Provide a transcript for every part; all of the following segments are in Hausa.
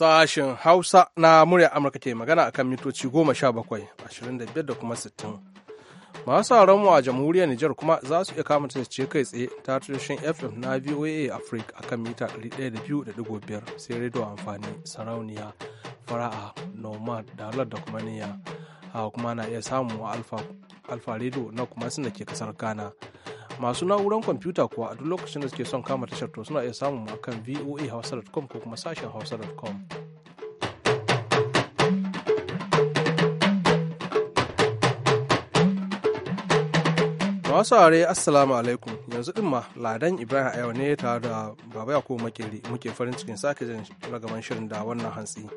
Sashen Hausa na murya Amurka ke magana a kan mitoci bakwai da kuma 60. Masu mu a jamhuriyar Nijar kuma za su iya kama ce kai tsaye ta tushen FM na VOA Africa a kan mita 102.5 sai rediyo amfani sarauniya fara'a nomad dalar da kuma niyya. Hawa kuma na iya samu alfa rediyo na kuma sun da ke kasar Ghana. masu na'urar kwamfuta kuwa a duk lokacin da suke son kama tashar to suna iya samun mu akan voahausa.com ko kuma sashen hausa.com masu are assalamu alaikum yanzu din ma ladan ibrahim a ne tare da baba yako makeri muke farin cikin sake jin ragaman shirin da wannan hantsi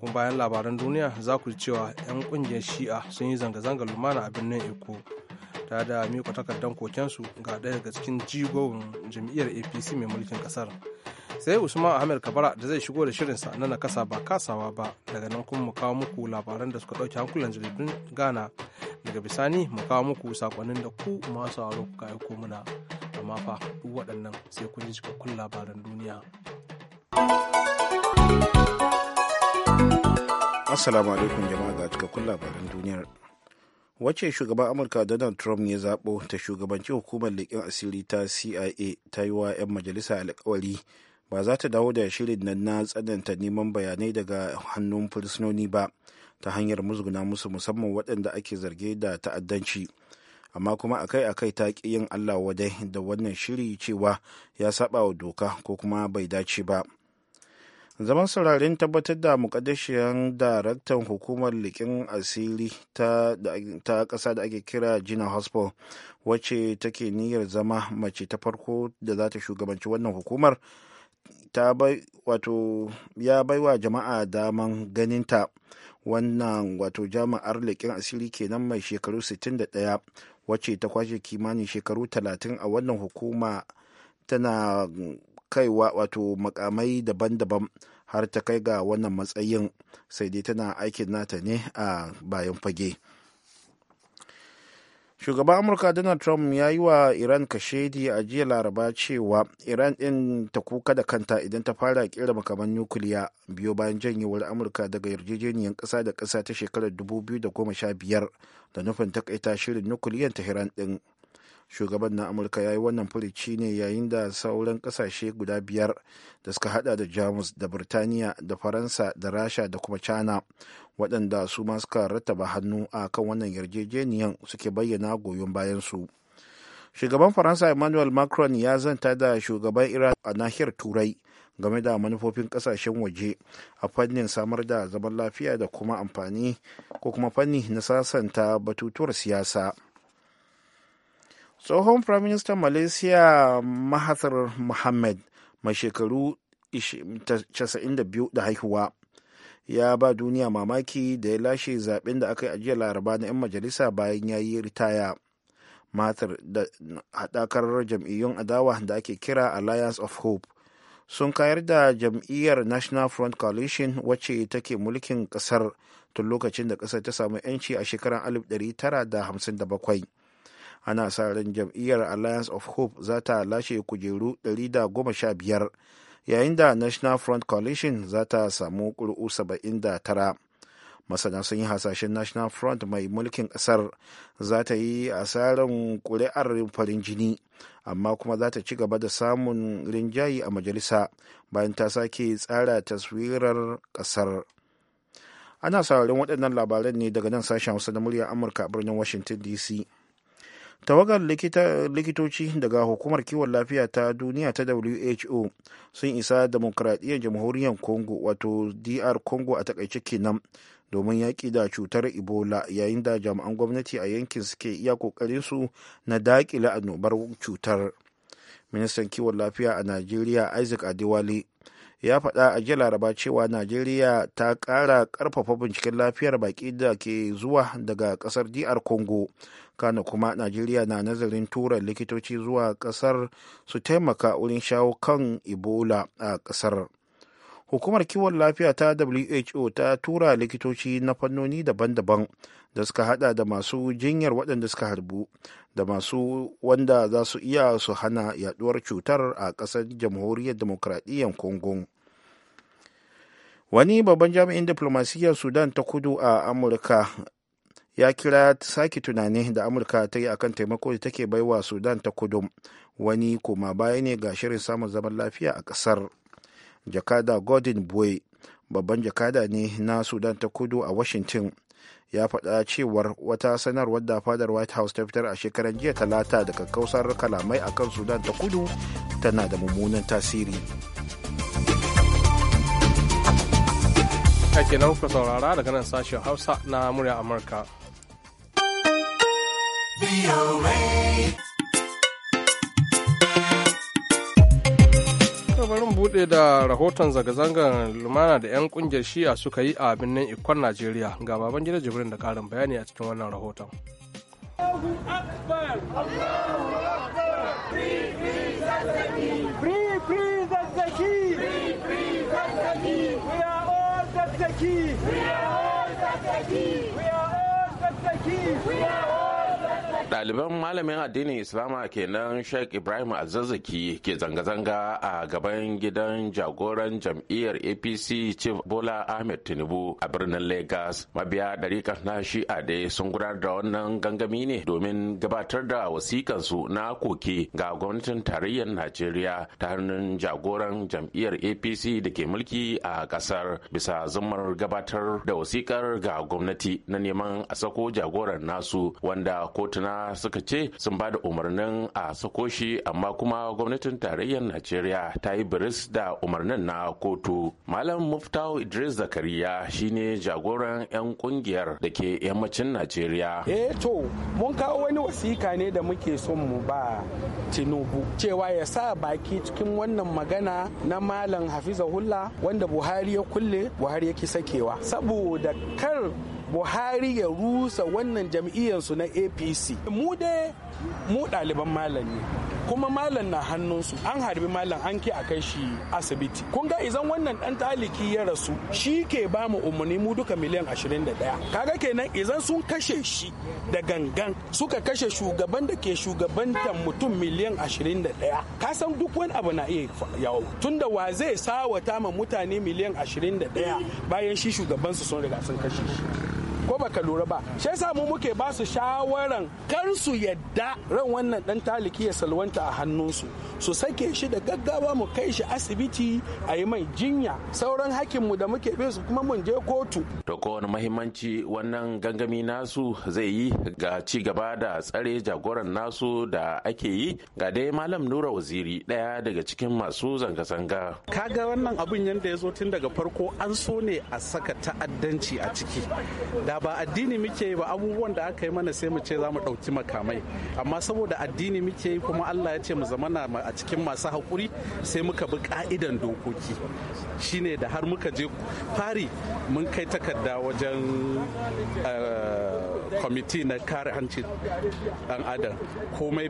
kuma bayan labaran duniya za ku ji cewa 'yan kungiyar shi'a sun yi zanga-zangar lumana a birnin eko ta da miko takardar kokensu ga daya daga cikin jigon jam'iyyar apc mai mulkin ƙasar sai usman ahmed kabara da zai shigo da shirinsa na nakasa ba kasawa ba daga nan kuma mu kawo muku labaran da suka ɗauki hankulan jaridun ghana daga bisani mu kawo muku sakonnin da ku masu aro ka aiko muna amma fa duk waɗannan sai kun ji cikakkun labaran duniya assalamu alaikum jama'a ga cikakkun labaran duniyar wacce shugaban amurka donald trump ya zaɓo ta shugabanci hukumar leƙen asiri ta cia ta yi wa 'yan majalisa alkawari ba za ta dawo da shirin nan na tsananta neman bayanai daga hannun fursunoni ba ta hanyar musguna musu musamman waɗanda ake zarge da ta'addanci amma kuma akai-akai ta ƙi yin allah wadai da wannan shiri cewa ya saba wa doka ko kuma bai dace ba. zaman sauraren tabbatar da mukaddashiyar daraktan hukumar likin asiri ta kasa da ake kira jina hospital wacce take niyyar zama mace ta farko da za ta shugabanci wannan hukumar ta bai wato ya baiwa jama'a daman ganinta wannan wato jami'ar likin asiri kenan mai shekaru 61 wacce ta kwashe kimanin shekaru 30 a wannan hukuma tana kaiwa wato makamai daban-daban har ta kai ga wannan matsayin sai dai tana aikin nata ne a bayan fage shugaban amurka donald trump ya yi wa iran kashedi a jiya laraba cewa iran din ta kuka da kanta idan ta fara kera makaman nukiliya biyo bayan janyewar amurka daga yarjejeniyar kasa da kasa ta shekarar 2015 da nufin takaita shirin nukiliyan iran din shugaban na amurka ya yi wannan furici ne yayin da sauran kasashe guda biyar da suka hada da jamus da birtaniya da faransa da rasha da kuma china waɗanda su ma suka rattaba hannu a kan wannan yarjejeniyan suke bayyana goyon bayan su shugaban faransa emmanuel macron ya zanta da shugaban iran a nahiyar turai game da manufofin kasashen waje a fannin samar da zaman lafiya da kuma amfani ko kuma fanni na sasanta batutuwar siyasa. tsohon firaministan malaysia mahathir mohamed mai shekaru 92 da haihuwa ya ba duniya mamaki da ya lashe zaben da aka yi jiya laraba na 'yan majalisa bayan ya yi ritaya matar da haɗakar jam'iyyun adawa da ake kira alliance of hope sun kayar da jam'iyyar national front coalition wacce take mulkin ƙasar tun lokacin da ƙasar ta samu 'yanci a shekarar 1957 ana sa ran jam'iyyar alliance of hope za ta lashe kujeru 115 yayin da national front coalition za ta samu ƙuri'u 79 masana sun yi hasashen national front mai mulkin ƙasar za ta yi asarar ƙuri'ar farin jini amma kuma za ta ci gaba da samun rinjayi a majalisa bayan ta sake tsara taswirar ƙasar ana sauraron waɗannan labaran ne daga nan sashen hausa na murya amurka a birnin washington dc tawagar likitoci daga hukumar kiwon lafiya ta duniya ta who sun isa demokradiyyar jamhuriyar congo wato dr congo a takaice kenan domin yaƙi da cutar ebola yayin da jami'an gwamnati a yankin suke iya ƙoƙarinsu na daƙile annobar cutar ministan kiwon lafiya a najeriya isaac adewale ya faɗa a jiya laraba cewa najeriya ta ƙara ƙarfafa binciken lafiyar baƙi da ke zuwa daga ƙasar dr congo kana kuma najeriya na nazarin tura likitoci zuwa ƙasar su taimaka wurin shawo kan ebola a ƙasar hukumar kiwon lafiya ta who ta tura likitoci na fannoni daban-daban da suka hada da masu jinyar waɗanda suka harbu da masu wanda za su iya su hana yaduwar cutar a ƙasar jamhuriyar demokradiyyar congo wani babban jami'in diplomasiyyar sudan ta kudu a amurka ya kira sake tunani da amurka ta yi akan taimako da take baiwa sudan ta kudu wani kuma baya ne ga shirin samun zaman lafiya a ƙasar jakada gordon boy babban jakada ne na sudan ta kudu a washington ya faɗa cewar wata sanarwar da fadar white house ta fitar a shekaran jiya talata da kakkausar kalamai akan sudan ta kudu tana da mummunan tasiri ake nan ku saurara daga nan sashen hausa na murya amurka bari mu bude da rahoton zanga-zangar lumana da 'yan kungiyar shi'a suka yi a birnin ikon najeriya ga baban gida jibrin da karin bayani a cikin wannan rahoton We are all ɗaliban malamin addinin islama kenan sheikh ibrahim azazaki ke zanga-zanga a gaban gidan jagoran jam'iyyar apc chief bola ahmed tinubu a birnin lagos mabiya ɗariƙar na shi'a da sun gudanar da wannan gangami ne domin gabatar da wasikansu na koke ga gwamnatin tarayyar najeriya ta hannun jagoran jam'iyyar apc da ke mulki a ƙasar bisa zumar gabatar da wasikar ga gwamnati na neman a sako jagoran nasu wanda kotuna suka ce sun ba da umarnin a sako shi amma kuma gwamnatin tarayyar najeriya ta yi biris da umarnin na kotu malam muftau idris zakariya shine jagoran 'yan kungiyar da ke yammacin najeriya eh to mun kawo wani wasika ne da muke son mu ba tinubu cewa ya sa baki cikin wannan magana na malam hafiza hulla wanda buhari ya kulle buhari ya ki sakewa saboda kar buhari ya rusa wannan jam'iyyarsu na apc mu dai mu ɗaliban malam ne kuma malam na hannunsu an harbi malam an ke a kai shi asibiti kun ga izan wannan dan taliki ya rasu shi ke ba mu umarni mu duka miliyan 21 kaga kenan izan sun kashe shi da gangan suka kashe shugaban da ke shugabantar mutum miliyan 21 ka san duk wani abu na iya yawo tunda wa zai sawata ma mutane miliyan 21 bayan shi shugabansu sun riga sun kashe shi ko baka lura ba shi yasa mu muke ba su shawaran kar su yadda ran wannan dan taliki ya salwanta a hannunsu su sake shi da gaggawa mu kai shi asibiti a yi mai jinya sauran hakkin mu da muke bin su kuma mun je kotu to kowane mahimmanci wannan gangami nasu zai yi ga ci gaba da tsare jagoran nasu da ake yi ga dai malam nura waziri daya daga cikin masu zanga-zanga kaga wannan abun yadda ya zo tun daga farko an so ne a saka ta'addanci a ciki da ba addini muke ba abubuwan da aka yi mana sai mu ce za mu ɗauki makamai amma saboda addini muke yi kuma Allah ya ce mu zamana a cikin masu haƙuri sai muka bi ka'idan dokoki shine da har muka je fari mun kai takarda wajen eh, kwamiti na kare hanci dan adam komai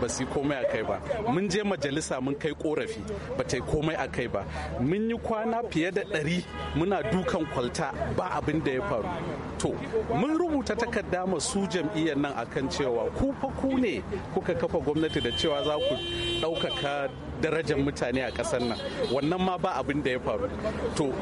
ba su komai a kai ba mun je majalisa mun kai korafi ba ta yi komai a kai ba mun yi kwana fiye da ɗari muna dukan kwalta ba abin da ya faru to mun rubuta takarda su jam'iyyar nan akan cewa ku fa ku ne kuka kafa gwamnati da cewa za ku ɗaukaka darajar mutane a ƙasar nan wannan ma ba abin da ya faru to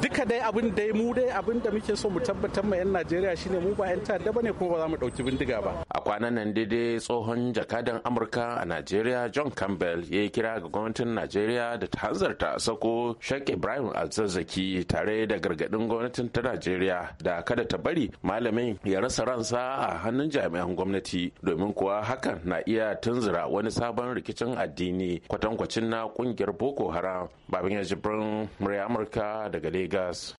duka dai abin dai mu dai abin da muke so mu tabbatar ma 'yan najeriya shine mu ba 'yan ta'adda bane kuma ba za mu ɗauki bindiga ba a kwanan nan daidai tsohon jakadan amurka a najeriya john campbell ya yi kira ga gwamnatin najeriya da ta hanzarta sako sheikh ibrahim alzazzaki tare da gargadin gwamnatin ta najeriya da kada ta bari malamin ya rasa ransa a hannun jami'an gwamnati domin kuwa hakan na iya tunzura wani sabon rikicin addini kwatankwacin na kungiyar boko haram babin ya jibrin murya amurka daga lagos Vegas.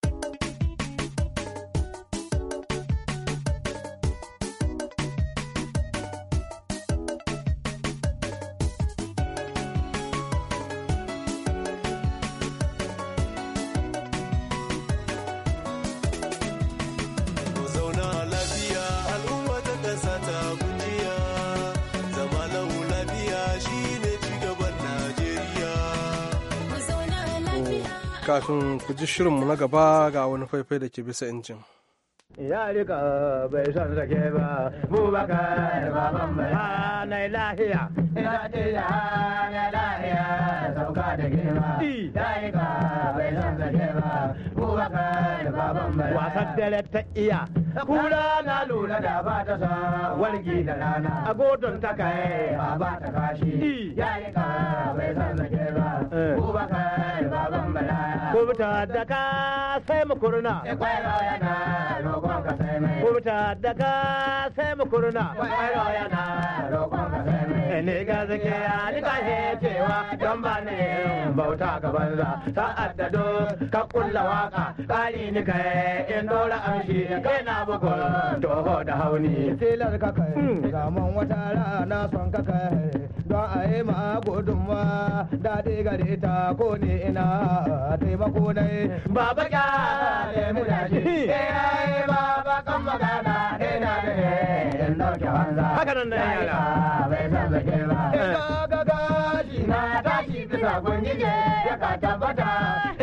kafin ku ji shirinmu na gaba ga wani faifai da ke bisa injin. ya rika bai son sake ba mu ba ka baban bai ha na yi lahiya ina ce da ha na lahiya sauka da girma ya rika bai son sake ba mu ba ka baban bai wasan dare ta iya Kula na lura da ba ta sa wargi da rana a godon ta kai ba ba ta kashi ya rika bai son sake ba eh. mu ba ka baban kubuta daga sai mu kurna. Ekwairo na, roƙon ka sai mai. daga sai mu kurna. Ekwairo na, roƙon ka sai mai. Eh, ni ga zake ya ni ka cewa don ba ne bauta ka banza. Ta da do ka kulla waka ƙari ni kai in dora amshi kai na bugun toho da hauni. Tilar ka kai zaman hmm. wata rana son ka kai don a yi ma gudunwa daɗi gare ta ko ne ina ne ba ko dai baba kyale mu da shi eh baba kan magana eh na da eh in dauke haka nan da yara bai san zake ba eh. ga ga shi na tashi bisa ne ya ka tabbata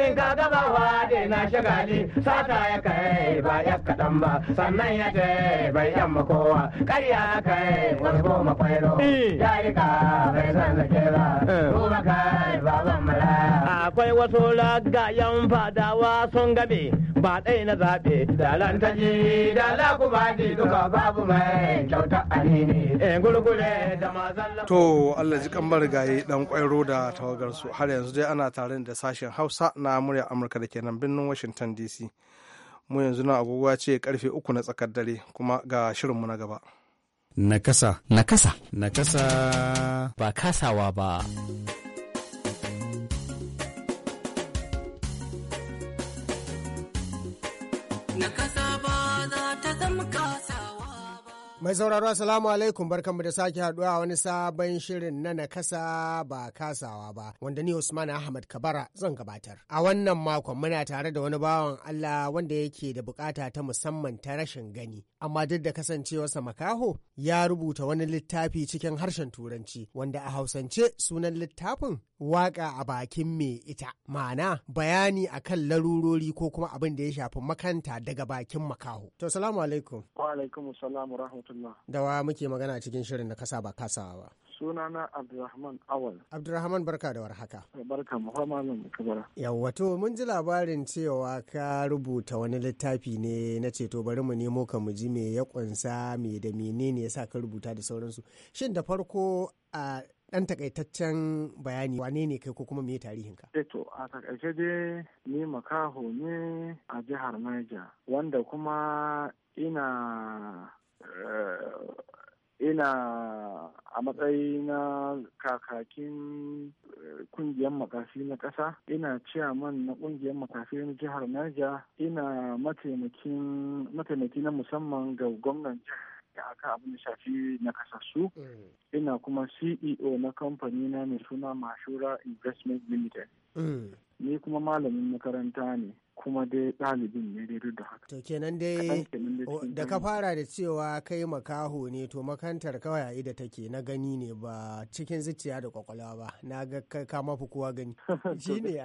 in ga ba wa da na shagali sata ya kai ba ya kaɗan ba sannan ya ce bai yamma kowa kariya kai wasu goma kwairo eh. ya ka bai san ke ba eh. akwai wasu ragayen fadawa sun game ba ɗai na zaɓe. Da lantaji da ji duka babu mai kyauta a nini. in eh, gulgule da mazalla. To Allah ji kan marigayi dan kwairo da tawagar su har yanzu dai ana tare da sashen Hausa na murya Amurka da kenan nan birnin Washington DC. Mu yanzu na agogo ce karfe uku na tsakar dare kuma ga shirinmu na gaba. Nakasa. Nakasa. Nakasa. Ba kasawa ba. Mai sauraro Assalamu alaikum barkanmu da sake haduwa a wani sabon shirin na nakasa ba kasawa ba wanda ni Usman Ahmad Kabara zan gabatar. A wannan makon muna tare da wani bawan Allah wanda yake da bukata ta musamman ta rashin gani amma duk da kasancewarsa makaho ya rubuta wani littafi cikin harshen turanci wanda a hausance sunan littafin waka a bakin me ita ma'ana bayani akan larurori ko kuma abin da ya shafi makanta daga bakin makaho. To salamu alaikum. Wa alaikum salam rahmatullah. Da muke magana cikin shirin nakasa kasa ba kasawa ba. sunana Abdulrahman Awal. Abdulrahman barka da warhaka. Barka mu malam kabara. Yawwa mun ji labarin cewa ka rubuta wani littafi ne na ceto bari mu nemo ka mu ji me ya kunsa me da menene yasa ka rubuta da sauransu. Shin da farko a dan takaitaccen bayani wane ne kai ko kuma me tarihin ka? Eto eh a takaice dai ni makaho ne a jihar Niger wanda kuma ina Eh, ina a matsayi na kakakin eh, kungiyar makafi na ƙasa ina ciyaman na kungiyar makafi na jihar Niger ina mataimaki na musamman ga gwamnan jihar akan abin da shafi na kasassu mm. ina kuma ceo na kamfani na mai suna mashura investment limited mm. ni kuma malamin makaranta ne kuma dai ɗalibin ne da da haka. To kenan dai da ka fara da cewa kai makaho ne to makantar kawai a ida take na gani ne ba cikin zuciya da kwakwalwa ba na ga ka mafi kowa gani. Shi ne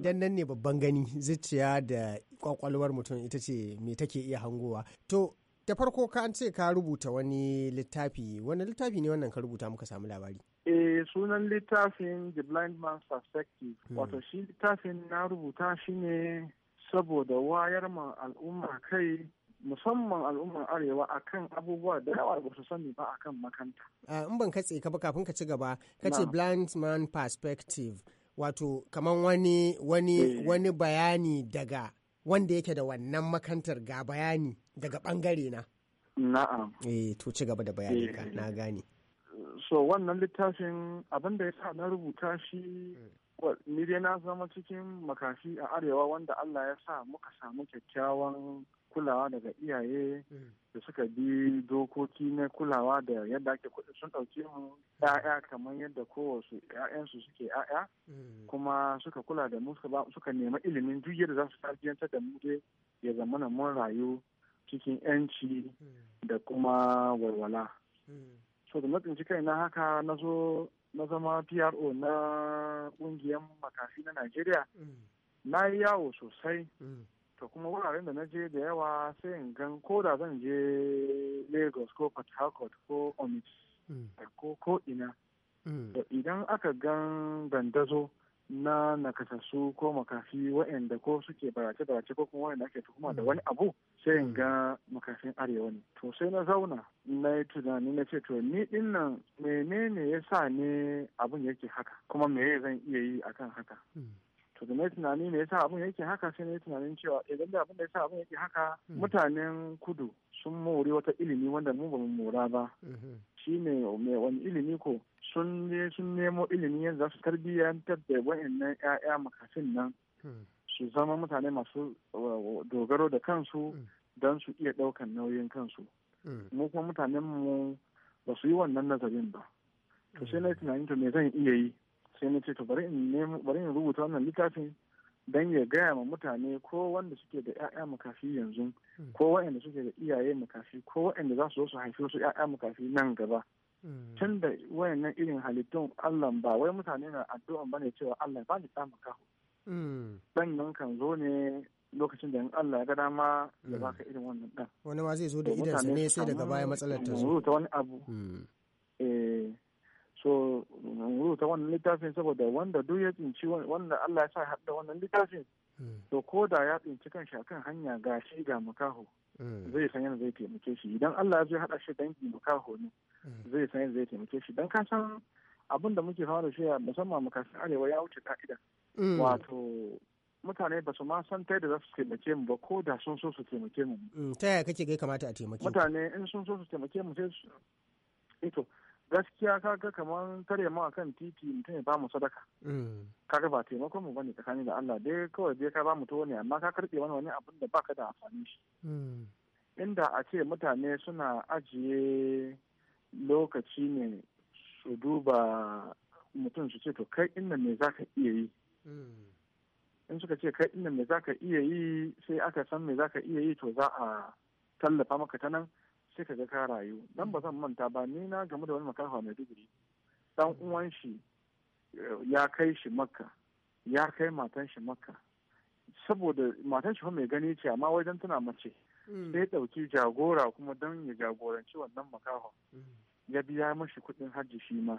dan nan ne babban gani zuciya da kwakwalwar mutum ita ce me take iya hangowa. To da farko ka an ce ka rubuta wani littafi wani littafi ne wannan ka rubuta muka samu labari eh sunan littafin the blind man's perspective hmm. wato shi littafin na rubuta shi ne saboda wayar ma al'umma kai musamman al'ummar arewa akan abubuwa da yawa ba su sani ba akan makanta. Ah, in ban katse ka ba kafin ka ci gaba ka ce blind man perspective wato kamar wani wani eh. wani bayani daga wanda yake da wannan makantar ga bayani daga bangare na. Na'am. Eh to ci gaba da bayani ka eh. na gane. So wannan littafin abin da ya sa na rubuta shi hmm. ni dai na zama cikin makafi a arewa wanda Allah ya sa muka samu kyakkyawan kulawa daga iyaye da suka bi dokoki na kulawa da yadda ake kuɗi sun ɗauke mu ‘ya'ya kamar yadda kowace ‘ya'yansu suke ‘ya'ya mm. kuma suka kula da mu suka nema ilimin duk yadda za su tarbiyyantar da mu dai ya zama na mun rayu cikin ‘yanci mm. da kuma walwala. Mm. So da na kai na haka na zo na zama PRO na kungiyar makafi na Najeriya. Mm. Na yi yawo sosai. Mm. To kuma wuraren da na je da yawa sai in gan ko da zan je Lagos ko Port Harcourt ko Omis mm. ko ko ina. Idan aka gan dandazo na nakasassu ko makafi waɗanda ko suke barace-barace ko kuma waɗanda ake tuhuma da wani abu. sai in ga makafin mm. arewa ne to sai na zauna na yi e tunani na ce to e ni din nan menene ya e sa ne abun yake haka kuma me zan iya yi akan haka to da na yi tunani me yasa abun yake haka sai na yi tunanin cewa idan da abun da yasa abun yake haka mutanen kudu sun more wata ilimi wanda mu bamu mora ba shine me wani ilimi ko sun sun nemo ilimi yadda za su tarbiyyantar da wa'annan 'ya'ya makasin nan mm. su zama mutane masu dogaro da kansu mm. don su iya ɗaukan nauyin kansu mm. mu kuma mutanen mu ba su yi wannan nazarin ba to sai na mm. tunanin to me zan iya yi sai na ce to bari in bari in rubuta wannan littafin dan ya gaya ma mutane ko wanda suke da 'ya'ya makafi yanzu ko waɗanda suke da iyaye makafi ko waɗanda za su zo su haifi wasu 'ya'ya makafi nan gaba tun da wayannan irin halittun Allah ba wai mutane na addu'an bane cewa Allah ba ni da dan mm. nan kan zo ne lokacin da in Allah ya ga dama ya mm. baka irin wannan dan wani ma zai zo da idan ne sai daga baya matsalar ta zo ta wani abu mm. eh, So so ta wannan littafin saboda wanda duk ya tsinci wanda Allah ya sa har da wannan littafin to ko da ya tsinci kanshi akan hanya ga shi ga makaho zai san yadda zai taimake shi idan Allah ya zo haɗa shi dangi makaho ne zai san yadda zai taimake shi dan ka san abin da muke fara shi musamman makasin arewa ya wuce ka'ida Mm. wato mutane ba su ma san ta yadda za su taimake mu ba ko da sun so su taimake mu mm, ta yaya kake ga kamata a taimake mutane in sun so su taimake mu sai ito gaskiya kaga kamar tare mu akan titi mutum ya ba mu sadaka mm. kaga ba taimakon mu bane tsakanin da Allah dai kawai dai ka mu tuwo ne amma ka karbe wani wani abin da baka da amfani shi inda a ce mutane suna ajiye lokaci ne su duba mutum su ce to kai inda me zaka iya yi in suka ce kai inda me zaka iya yi sai aka san me zaka iya yi to za a tallafa maka ta nan sai ka ga ka rayu dan ba zan manta ba ni na game da wani makafa mai digiri dan uwan shi eh, ya kai shi makka ya kai matan shi makka saboda matan shi mai gani ce amma wajen tana mace mm. sai dauki jagora kuma don ya jagoranci wannan makaho mm. ya biya mashi kuɗin hajji shi ma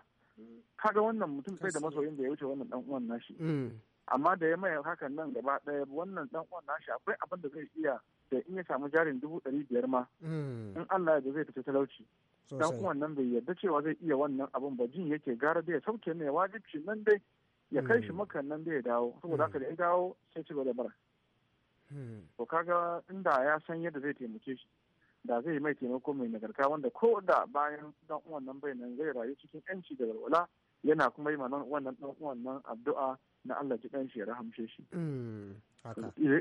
kaga wannan mutum sai da masoyin da ya wuce wannan dan uwan nashi mm. amma da ya mai hakan nan gaba ɗaya wannan dan uwan nashi akwai abin da zai iya da in ya samu jarin dubu ɗari biyar ma mm. in Allah ya zai fita talauci dan uwan nan bai yarda cewa zai iya wannan abin ba jin yake gara da ya sauke ne wajibci nan dai ya kai shi mm. makan nan da ya dawo saboda haka da ya dawo sai ci gaba da bara to kaga inda ya san yadda zai taimake shi da zai mai taimako mai nagarta wanda ko da bayan dan uwan nan bai nan zai rayu cikin yanci da walwala yana kuma yi mana wannan dan uwan nan addu'a na Allah ji kan shi ya rahamshe shi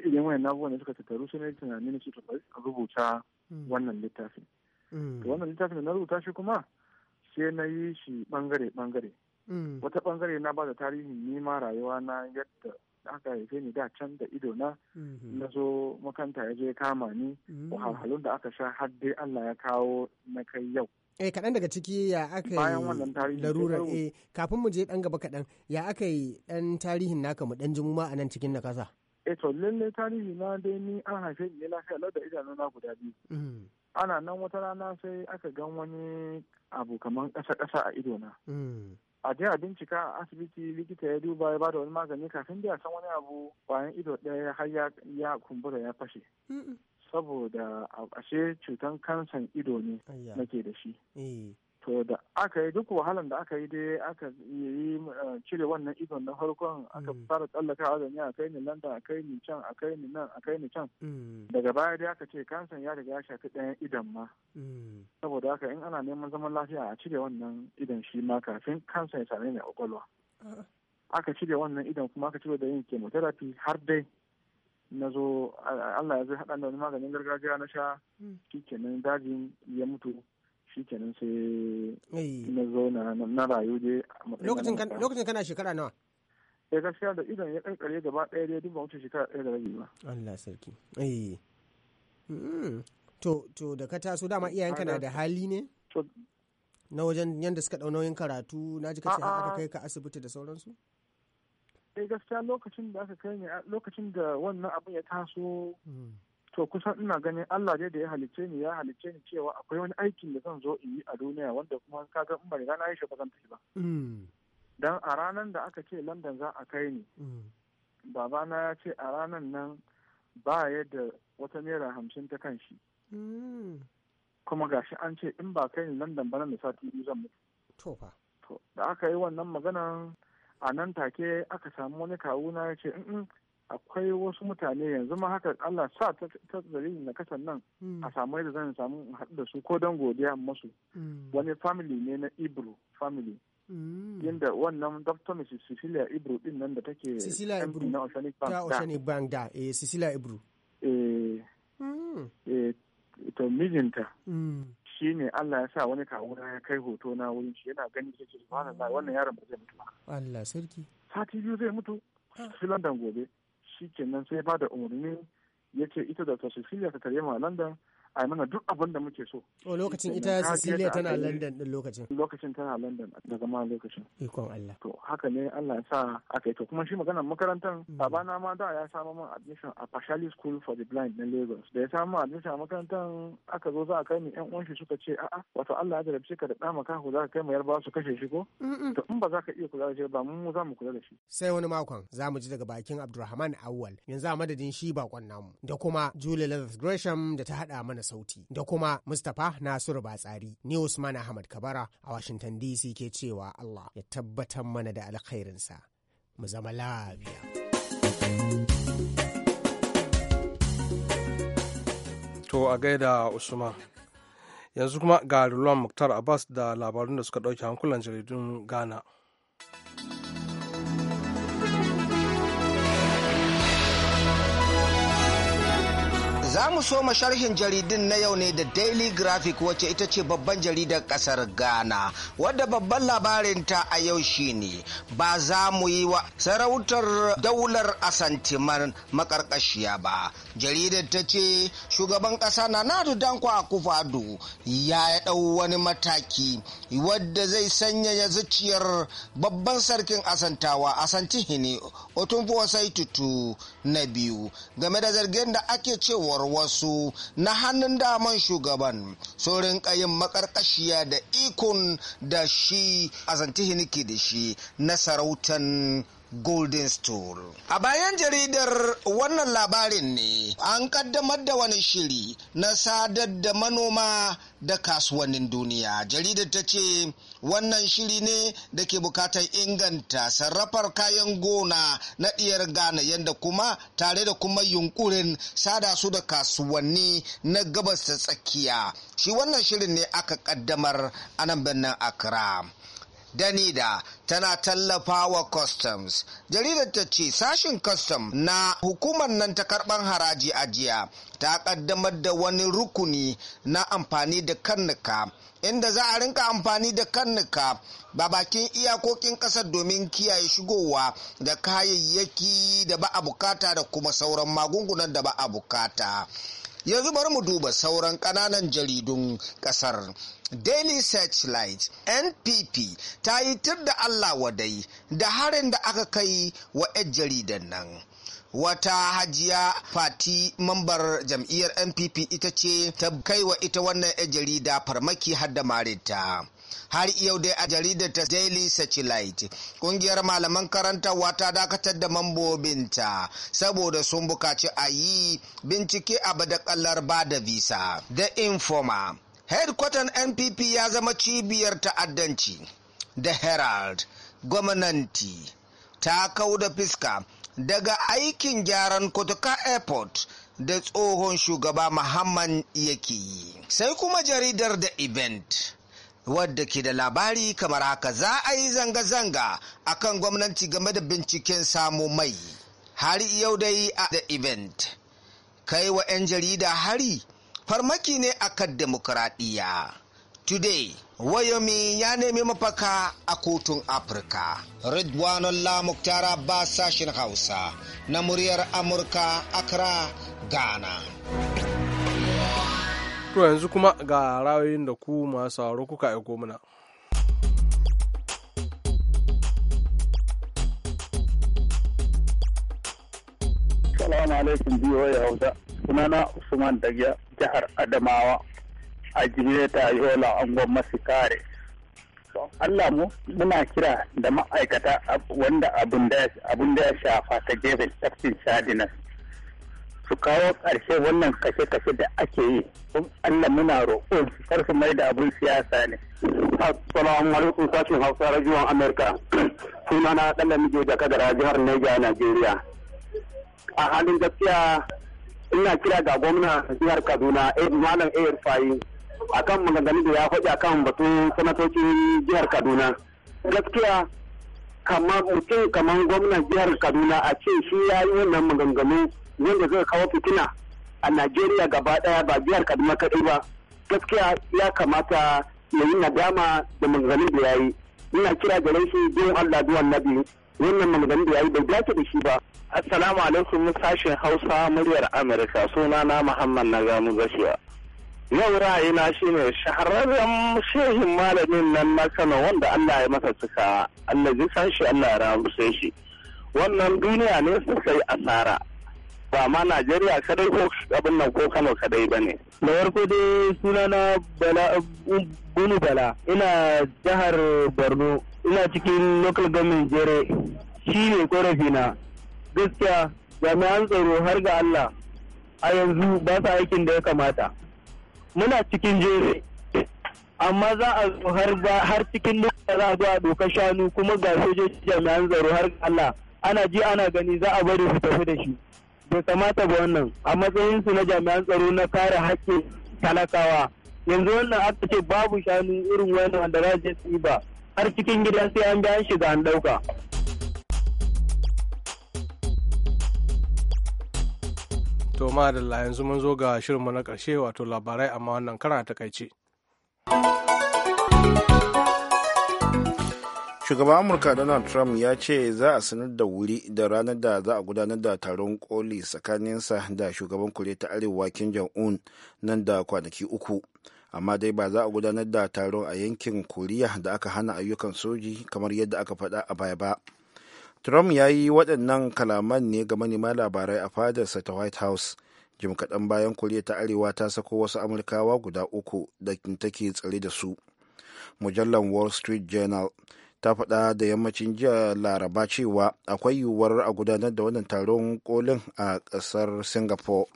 idan wayan da suka tattaru su ne tunanin su ta rubuta mm. wannan littafin mm. wannan littafin da na rubuta shi kuma sai na yi shi bangare bangare mm. wata bangare na ba da tarihin nima rayuwa na yadda aka haife ni da can da ido na mhm. na zo makanta ya je kama ni mhm. wahalhalun da aka sha har dai Allah ya kawo na kai yau eh kaɗan daga ciki ya aka yi larura eh kafin mu je ɗan gaba kaɗan ya aka yi ɗan tarihin naka mu ɗan jimu ma a nan cikin na kasa eh to lalle tarihi na dai ni an haife ni lafiya kai da idanu na guda biyu mhm. ana nan wata rana sai aka gan wani abu kamar ƙasa-ƙasa a ido na a je a bincika a asibiti likita ya duba ya bada wani magani kafin da san wani abu bayan ido ɗaya har ya kumbura ya fashe saboda ashe cutan kansan ido ne nake da shi eh. to da aka yi duk wahalan da aka yi dai aka yi eh, cire wannan idon na farkon aka mm. fara tsallakawa da ni a kai ni london a kai ni can a kai ni nan a kai ni can mm. daga baya dai aka ce kansan ya riga ya shafi ɗayan idon ma mm. saboda haka in ana neman zaman lafiya a cire wannan idon shi ma kafin kansan ya same ni a kwakwalwa ah. aka cire wannan idon kuma aka cire da yin chemotherapy har dai na zo Allah ya zai haɗa da wani maganin gargajiya na sha kenan dajin ya mutu shi kenan sai na zo na na rayu je lokacin kana shekara nawa ya eh, gaskiya da idan ya karkare gaba daya dai duk ba wuce shekara daya da rabi ba Allah sarki eh to to da ka taso dama iyayen kana da hali ne na wajen yadda suka dau nauyin karatu na ji kace aka kai ka asibiti da sauransu eh gaskiya lokacin da aka kai ne lokacin da wannan abin ya taso hmm. to kusan ina ganin Allah dai da ya halicce ni ya halicce ni cewa akwai wani aikin da zan zo in yi a duniya wanda kuma kaga in ba riga na yi shi ba zan tafi ba mm. dan a ranar da aka ce London za a kai ni mm. babana ya ce a ranar nan ba yadda wata naira hamsin ta kan shi mm. kuma gashi an ce in ba kai ni London ba na da sati biyu zan mutu to fa to da aka yi wannan maganan a nan take aka samu wani kawuna ya ce akwai wasu mutane yanzu ma haka Allah sa ta tsari na kasan nan hmm. a samu yadda zan samu haɗu da su ko don godiya masu hmm. wani family ne na Ibro family hmm. yadda wannan Dr. Mrs. Cecilia Ibro din nan da take Cecilia Ibro na Oceanic Bank ta Oceanic Bank da eh Cecilia Ibro eh eh to mijinta shi ne Allah ya sa wani kawuna ya kai hoto na wurin shi yana ganin shi subhanallah wannan yaron ba zai mutu ba Allah sarki sati biyu zai mutu ah. shi London gobe shi kenan sai ba da umarni ya ce ita da ta shirya ta karye a a mana duk abin da muke so. O oh, lokacin ita Cecilia tana London din lokacin. Lokacin tana London da zama lokacin. Ikon Allah. To haka ne Allah ya sa aka yi to kuma shi maganar makarantar hmm. babana ma da ya samu min admission a Pashali School for the Blind na Lagos. Da ya samu admission a makarantar aka zo za a kai ni yan uwan shi suka ce a'a wato Allah ya jarabce ka da ɗa maka ku za ka kai ma ba su kashe shi ko? To in ba za ka iya kula da shi ba mu za mu kula da shi. Sai wani makon za mu ji daga bakin Abdulrahman Awwal yanzu a madadin shi bakon namu da kuma Julie Lazarus Gresham da ta haɗa mana mana sauti da kuma Mustapha Nasiru Batsari ni Usman Ahmad Kabara a Washington DC ke cewa Allah ya tabbatar mana da alkhairinsa mu zama lafiya. To a gaida Usman yanzu kuma ga rulon Muktar Abbas da labarun da suka ɗauki hankulan jaridun Ghana. Za mu so sharhin jaridin na yau ne da Daily Graphic wacce ita ce babban jaridar kasar Ghana, wadda babban labarinta a yau ne ba za mu yi wa sarautar daular asantiman makarkashiya ba. Jaridar ta ce shugaban ƙasa na Nadu Danko a ya ɗau wani mataki wadda zai sanyaya zuciyar babban sarkin asantawa asantihi ne otunfuwa sai tutu na biyu game da zargin da ake cewar wasu na hannun daman shugaban saurin kayin yin makarkashiya da ikon da shi asantihi ke da shi na sarautan Golden Stool. A bayan jaridar wannan labarin ne an kaddamar da wani shiri na sadar da manoma da kasuwannin duniya. Jaridar ta ce wannan shiri ne da ke bukatar inganta sarrafar kayan gona na ɗiyar Ghana yadda kuma tare da kuma yunkurin sada su da kasuwanni na gabas ta tsakiya. Shi wannan shirin ne aka kaddamar anan nan birnin Accra. Danida tana tallafa wa customs. Jaridar ta ce sashin custom na hukumar nan ta karban haraji a jiya ta kaddamar da wani rukuni na amfani da karnuka inda za a rinka amfani da karnuka ba bakin iyakokin kasar domin kiyaye shigowa da kayayyaki da ba a bukata da kuma sauran magungunan da ba a bukata. Yanzu bari mu duba sauran ƙananan jaridun ƙasar. Daily Searchlight NPP ta yi tir da Allah wadai da harin da aka kai wa 'yan jaridan nan. wata hajiya fati mambar jam'iyyar npp ita ce ta kai wa ita wannan 'yan jarida farmaki har da marita. har yau dai a jaridar ta daily satellite kungiyar malaman karantarwa ta dakatar da mambobinta saboda sun buƙaci a yi bincike a badakallar ba da visa The informa Headquarter NPP ya zama cibiyar ta'addanci. The Herald, gwamnati, ta kau da fiska daga aikin gyaran Kotoka Airport da tsohon shugaba Muhammad yake yi. Sai kuma jaridar da event. wadda ke da labari kamar haka za a yi zanga-zanga a kan gwamnati game da binciken samu mai har yau dai a da event kai wa 'yan jarida hari farmaki ne akan demokuraɗiyya today wayomi ya nemi mafaka a kotun afirka Ridwanon Lamuktara ba sashen hausa na muryar amurka accra ghana to yanzu kuma ga rayoyin da ku masu kuka aiko mana Salamu alaikum biyo ya hausa. sunana usman daga jihar adamawa a jimeta yola angon masu kare Allah mu muna kira da ma'aikata wanda abin da ya shafa ta gefen tafsin shadina su kawo ƙarshe wannan kashe-kashe da ake yi Allah muna roƙo su karfi mai da abin siyasa ne Assalamu alaikum sashen Hausa rajuwan Amerika sunana ɗan da da kadara jihar Niger Najeriya a halin gaskiya ina kira ga gwamna jihar kaduna eh, malam air fayi akan maganganun da ya faɗi akan batun sanatocin jihar kaduna gaskiya kamar mutum kamar gwamnan jihar kaduna a ce shi ya yi wannan maganganu wanda zai kawo fitina a najeriya gaba daya ba jihar kaduna kaɗai ba gaskiya ya kamata ya yi nadama da maganganun da ya yi ina kira da shi don allah duwan nabi wannan maganganu da yayi bai dace da shi ba assalamu alaikum sashen hausa muryar amurka sunana muhammad gano gashiya yau ra'ayina shine shahararren shehin malamin nan na kano wanda allah ya masa cika allah ji san shi allah ya ramuse shi wannan duniya ne suka yi asara ba ma najeriya kadai ko abin nan ko kano kadai ba ne da farko dai na bala bunu bala ina jihar borno ina cikin local government jere shi ne korafi na gaskiya jami'an tsaro har ga Allah a yanzu ba sa aikin da ya kamata muna cikin jere amma za a zo har cikin da za a zo a dokar shanu kuma ga sojoji jami'an tsaro har ga Allah ana ji ana gani za a bari su tafi da shi bai kamata ba wannan a matsayinsu na jami'an tsaro na kare haƙƙin talakawa yanzu wannan aka ce babu shanu irin wani wanda za su ba har cikin gida sai an an shiga an ɗauka. To madalla yanzu mun zo ga shirinmu na ƙarshe wato labarai amma wannan kara takaice. Shugaban Amurka Donald Trump ya ce za a sanar da wuri da ranar da za a gudanar da taron koli tsakaninsa da shugaban kuri ta Arewa Kim Jong-un nan da kwanaki uku. amma dai ba za a gudanar da taron a yankin koriya da aka hana ayyukan soji kamar yadda aka faɗa a baya ba trump ya yi waɗannan kalaman ne ga manema labarai a fadarsa ta white house jim kaɗan bayan koriya ta arewa ta sako wasu amurkawa guda uku da take tsare da su mujallar wall street journal ta faɗa da yammacin jiya laraba cewa akwai yiwuwar a gudanar da wannan taron kolin a ƙasar singapore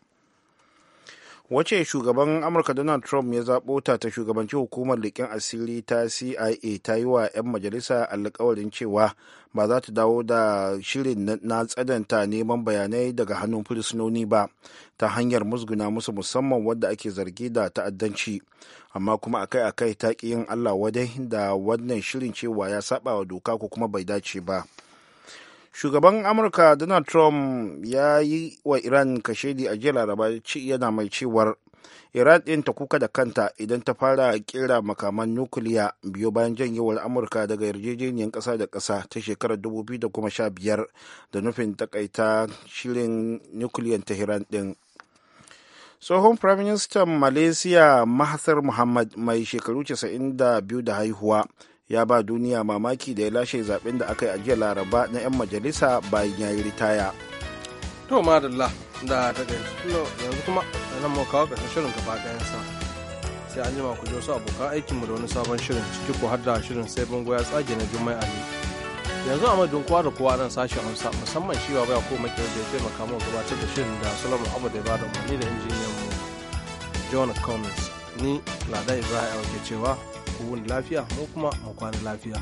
wace shugaban amurka donald trump ya zaɓo ta ta shugabanci hukumar leƙen asiri ta cia ta yi wa 'yan majalisa alkawarin cewa ba za ta dawo da shirin na tsananta neman bayanai daga hannun fursunoni ba ta hanyar musguna musu musamman wadda ake zargi da ta'addanci amma kuma akai-akai ta ƙi yin allah wadai da wannan shirin cewa ya saɓa wa doka ko kuma bai dace ba. shugaban amurka donald trump ya yi wa iran kashedi a jiya laraba yana mai cewar iran ɗin ta kuka da kanta idan ta fara kira makaman nukiliya biyo bayan janyewar amurka daga yarjejeniyar ƙasa da ƙasa ta shekarar 2015 da nufin takaita shirin nukiliyan iran ɗin tsohon firaministan malaysia mahathir muhammad mai shekaru 92 da haihuwa ya ba duniya mamaki da ya lashe zaben da aka yi a jiya laraba na 'yan majalisa bayan ya yi ritaya to madalla da daga yanzu kuma nan mu kawo shirin gaba sa sai an jima ku je wasu abokan mu da wani sabon shirin ciki ko har da shirin sai bango ya tsage na jummai ali yanzu a madadin kowa da kowa nan sashen hausa musamman shi baya ko makiyar da ya taimaka mu gabatar da shirin da sulaiman abu da ya bada umarni da injiniyan mu john collins ni ladan ibrahim ke cewa ku wuni lafiya mu kuma mu kwana lafiya.